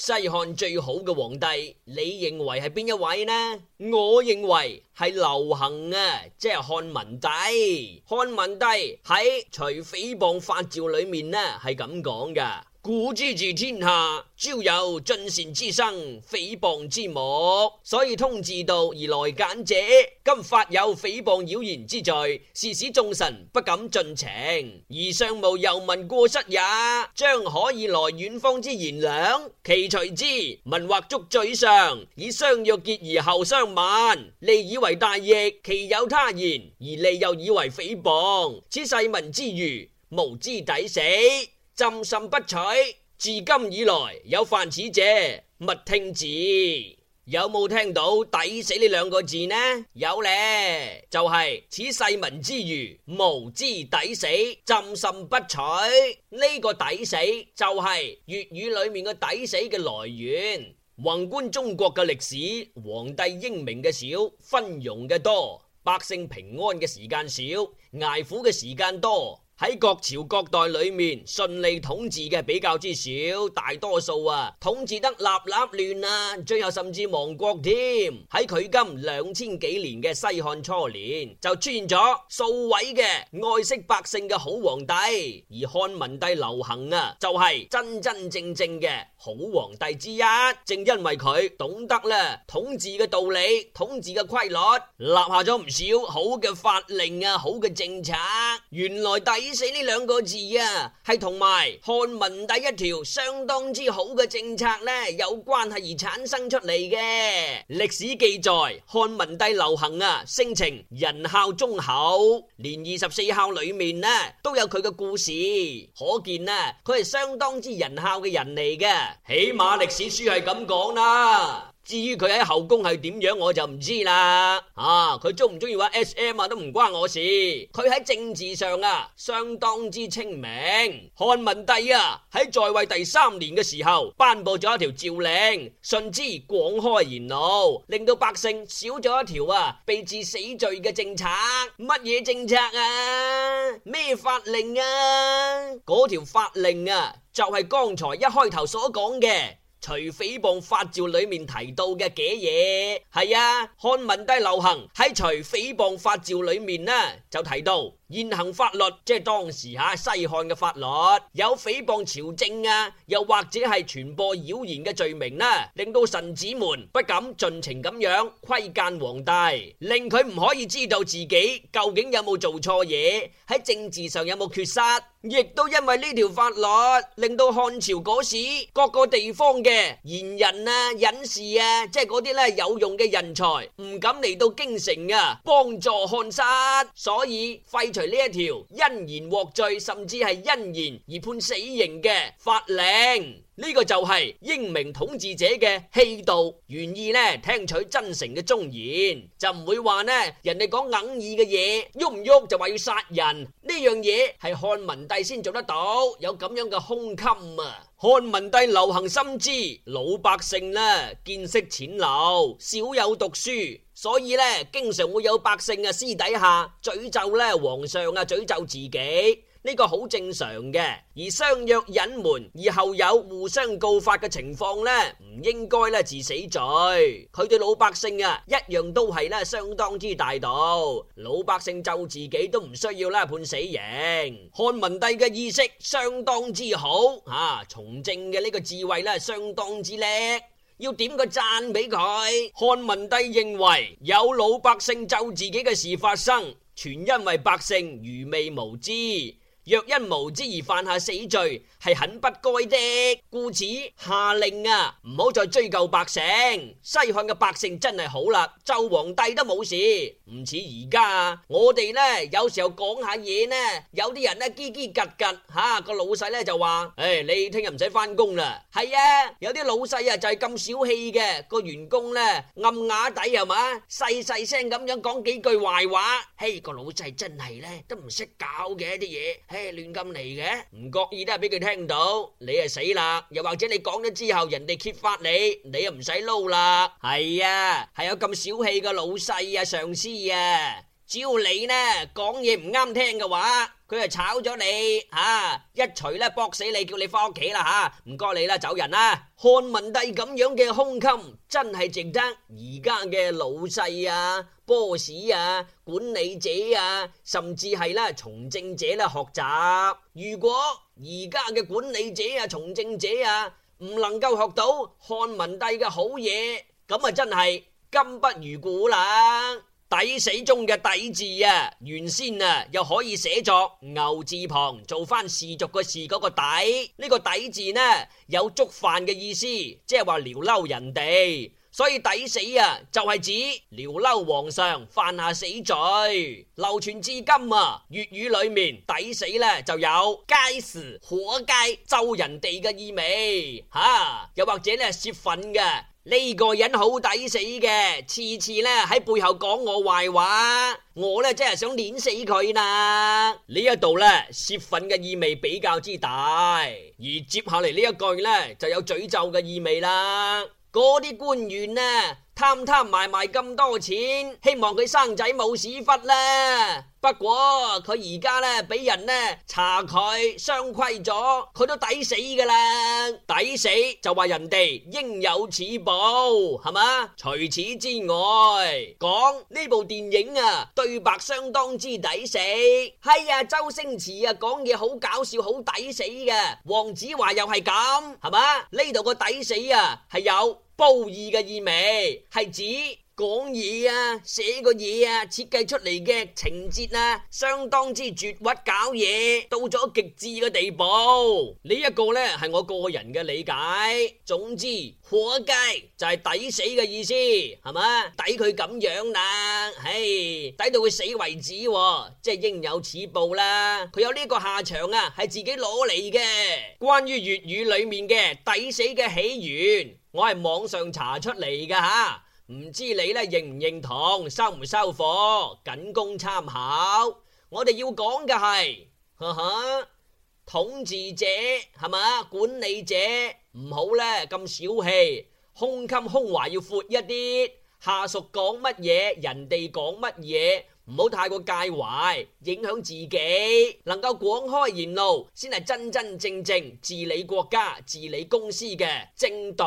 西漢最好嘅皇帝，你認為係邊一位呢？我認為係劉恒啊，即係漢文帝。漢文帝喺《除誹謗法詔》裏面呢係咁講嘅。古之治天下，朝有進善之旌，誹謗之木，所以通治道而來諫者。今法有誹謗妖言之罪，是使眾臣不敢盡情，而上無由聞過失也。將可以來遠方之賢良，其隨之民或足罪上，以相約結而後相謾，吏以為大逆，其有他言而吏又以為誹謗，此細民之愚，無知抵死。朕甚不取，至今以來有犯此者，勿聽字。有冇聽到“抵死”呢兩個字呢？有呢，就係、是、此世民之愚，無知抵死，朕甚不取，呢、這個“抵死”就係粵語裏面嘅“抵死”嘅來源。宏觀中國嘅歷史，皇帝英明嘅少，昏庸嘅多，百姓平安嘅時間少，挨苦嘅時間多。喺各朝各代裏面順利統治嘅比較之少，大多數啊統治得立立亂啊，最後甚至亡國添。喺距今兩千幾年嘅西漢初年就出現咗數位嘅愛惜百姓嘅好皇帝，而漢文帝劉恆啊就係真真正正嘅好皇帝之一。正因為佢懂得咧統治嘅道理、統治嘅規律，立下咗唔少好嘅法令啊、好嘅政策。原來第死呢兩個字啊，係同埋漢文帝一條相當之好嘅政策呢有關係而產生出嚟嘅。歷史記載漢文帝劉恆啊，性情仁孝忠厚，連二十四孝裏面呢都有佢嘅故事，可見啊，佢係相當之仁孝嘅人嚟嘅。起碼歷史書係咁講啦。至於佢喺後宮係點樣，我就唔知啦。啊，佢中唔中意玩 S.M. 啊，都唔關我事。佢喺政治上啊，相當之清明。漢文帝啊，喺在，在位第三年嘅時候頒布咗一條詔令，順之廣開言路，令到百姓少咗一條啊，被治死罪嘅政策。乜嘢政策啊？咩法令啊？嗰條法令啊，就係剛才一開頭所講嘅。除誹謗法詔裏面提到嘅嘅嘢，係啊，漢文帝劉恆喺除誹謗法詔裏面呢，就提到。現行法律即係當時吓西漢嘅法律，有誹謗朝政啊，又或者係傳播謠言嘅罪名啦、啊，令到臣子們不敢盡情咁樣規諫皇帝，令佢唔可以知道自己究竟有冇做錯嘢，喺政治上有冇缺失，亦都因為呢條法律令到漢朝嗰時各個地方嘅賢人啊、隱士啊，即係嗰啲咧有用嘅人才，唔敢嚟到京城啊，幫助漢室，所以廢。除呢一條因言獲罪，甚至係因言而判死刑嘅法令，呢、這個就係英明統治者嘅氣度，願意咧聽取真誠嘅忠言，就唔會話咧人哋講逆耳嘅嘢，喐唔喐就話要殺人，呢樣嘢係漢文帝先做得到，有咁樣嘅胸襟啊！漢文帝劉恒深知，老百姓呢見識淺陋，少有讀書。所以咧，經常會有百姓啊私底下詛咒咧皇上啊詛咒自己，呢個好正常嘅。而相約隱瞞，而後有互相告發嘅情況咧，唔應該咧治死罪。佢對老百姓啊，一樣都係咧相當之大度。老百姓咒自己都唔需要咧判死刑。漢文帝嘅意識相當之好，吓、啊、從政嘅呢個智慧咧相當之叻。要點個贊俾佢。漢文帝認為有老百姓咒自己嘅事發生，全因為百姓愚昧無知。若因無知而犯下死罪，係很不該的。故此下令啊，唔好再追究百姓。西漢嘅百姓真係好啦，周皇帝都冇事，唔似而家。我哋呢，有時候講下嘢呢，有啲人呢，嘰嘰格格，吓個老細呢，就話：誒，你聽日唔使翻工啦。係啊，有啲老細啊就係咁小氣嘅，個員工呢，暗啞底係嘛，細細聲咁樣講幾句壞話。嘿，個老細真係呢，都唔識搞嘅啲嘢。亂咁嚟嘅，唔覺意都係俾佢聽到，你係死啦，又或者你講咗之後，人哋揭發你，你又唔使撈啦。係啊，係有咁小氣嘅老細啊，上司啊，只要你呢講嘢唔啱聽嘅話，佢係炒咗你，吓一錘咧搏死你，叫你返屋企啦吓，唔該你啦，走人啦。漢文帝咁樣嘅胸襟，真係值得而家嘅老細啊！boss 啊，管理者啊，甚至係啦從政者啦學習。如果而家嘅管理者啊、從政者啊唔能夠學到漢文帝嘅好嘢，咁啊真係今不如古啦。抵死中嘅抵字啊，原先啊又可以寫作牛字旁做翻氏族嘅氏嗰個底。呢個抵字呢有觸犯嘅意思，即係話撩嬲人哋。所以抵死啊，就係、是、指撩嬲皇上犯下死罪，流傳至今啊。粵語裏面抵死呢，就有街市、火街、咒人哋嘅意味，吓、啊，又或者呢洩憤嘅呢個人好抵死嘅，次次呢喺背後講我壞話，我呢真係想碾死佢呐。呢一度呢，「洩憤嘅意味比較之大，而接下嚟呢一句呢，就有詛咒嘅意味啦。嗰啲官員啊，貪貪埋埋咁多錢，希望佢生仔冇屎忽啦！不過佢而家咧俾人咧查佢，相規咗，佢都抵死噶啦，抵死就話人哋應有此報，係嘛？除此之外，講呢部電影啊，對白相當之抵死。係啊，周星馳啊，講嘢好搞笑，好抵死嘅。黃子華又係咁，係嘛？呢度個抵死啊，係有褒義嘅意味，係指。講嘢啊，寫個嘢啊，設計出嚟嘅情節啊，相當之絕屈搞嘢，到咗極致嘅地步。呢一個呢，係我個人嘅理解。總之，火雞就係抵死嘅意思，係咪？抵佢咁樣啦，唉，抵到佢死為止啊，即係應有此報啦。佢有呢個下場啊，係自己攞嚟嘅。關於粵語裏面嘅抵死嘅起源，我係網上查出嚟噶吓。唔知你咧認唔認同，收唔收貨，僅供參考。我哋要講嘅係，統治者係咪？管理者唔好呢咁小氣，胸襟胸懷要闊一啲。下屬講乜嘢，人哋講乜嘢，唔好太過介懷，影響自己。能夠廣開言路，先係真真正正治理國家、治理公司嘅正道。